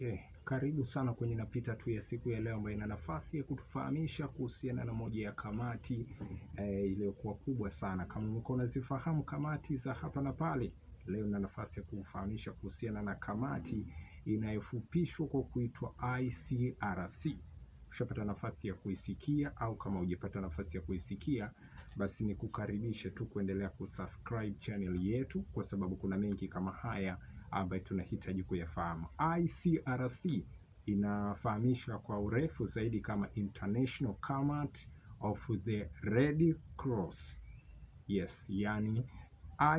Okay. Karibu sana kwenye napita tu ya siku ya leo ambayo ina nafasi ya kutufahamisha kuhusiana na moja ya kamati eh, iliyokuwa kubwa sana. Kama umekuwa unazifahamu kamati za hapa na pale, leo na nafasi ya kufahamisha kuhusiana na kamati inayofupishwa kwa kuitwa ICRC. Ushapata nafasi ya kuisikia au kama hujapata nafasi ya kuisikia, basi ni kukaribisha tu kuendelea kusubscribe channel yetu, kwa sababu kuna mengi kama haya ambayo tunahitaji kuyafahamu. ICRC inafahamisha kwa urefu zaidi kama International Command of the Red Cross. Yes, yani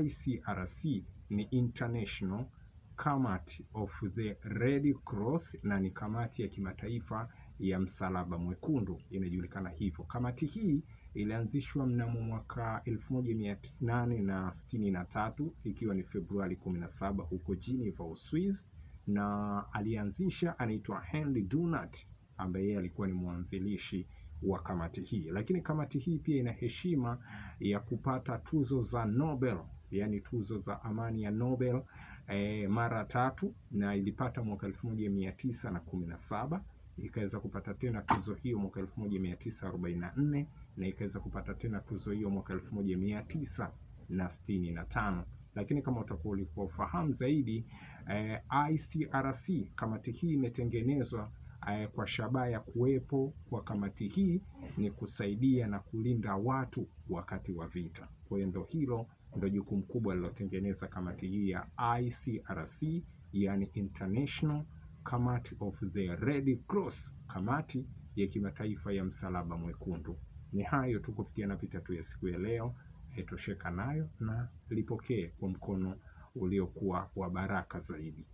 ICRC ni international kamati of the Red Cross na ni kamati ya kimataifa ya Msalaba Mwekundu, inajulikana hivyo. Kamati hii ilianzishwa mnamo mwaka 1863 ikiwa ni Februari 17 huko Geneva, Uswizi, na alianzisha anaitwa Henry Dunant ambaye yeye alikuwa ni mwanzilishi wa kamati hii. Lakini kamati hii pia ina heshima ya kupata tuzo za Nobel, yaani tuzo za amani ya Nobel e, mara tatu na ilipata mwaka elfu moja mia tisa na kumi na saba ikaweza kupata tena tuzo hiyo mwaka elfu moja mia tisa arobaini na nne na ikaweza kupata tena tuzo hiyo mwaka elfu moja mia tisa na sitini na tano lakini kama utakuwa ulikuwa ufahamu zaidi eh, ICRC kamati hii imetengenezwa Eh, kwa shabaha ya kuwepo kwa kamati hii ni kusaidia na kulinda watu wakati wa vita. Kwa hiyo ndo hilo ndo jukumu kubwa lilotengeneza kamati hii ya ICRC, yani International Committee of the Red Cross, kamati ya kimataifa ya msalaba mwekundu. Ni hayo tu kupitia na pita tu ya siku ya leo, tosheka nayo na lipokee kwa mkono uliokuwa wa baraka zaidi.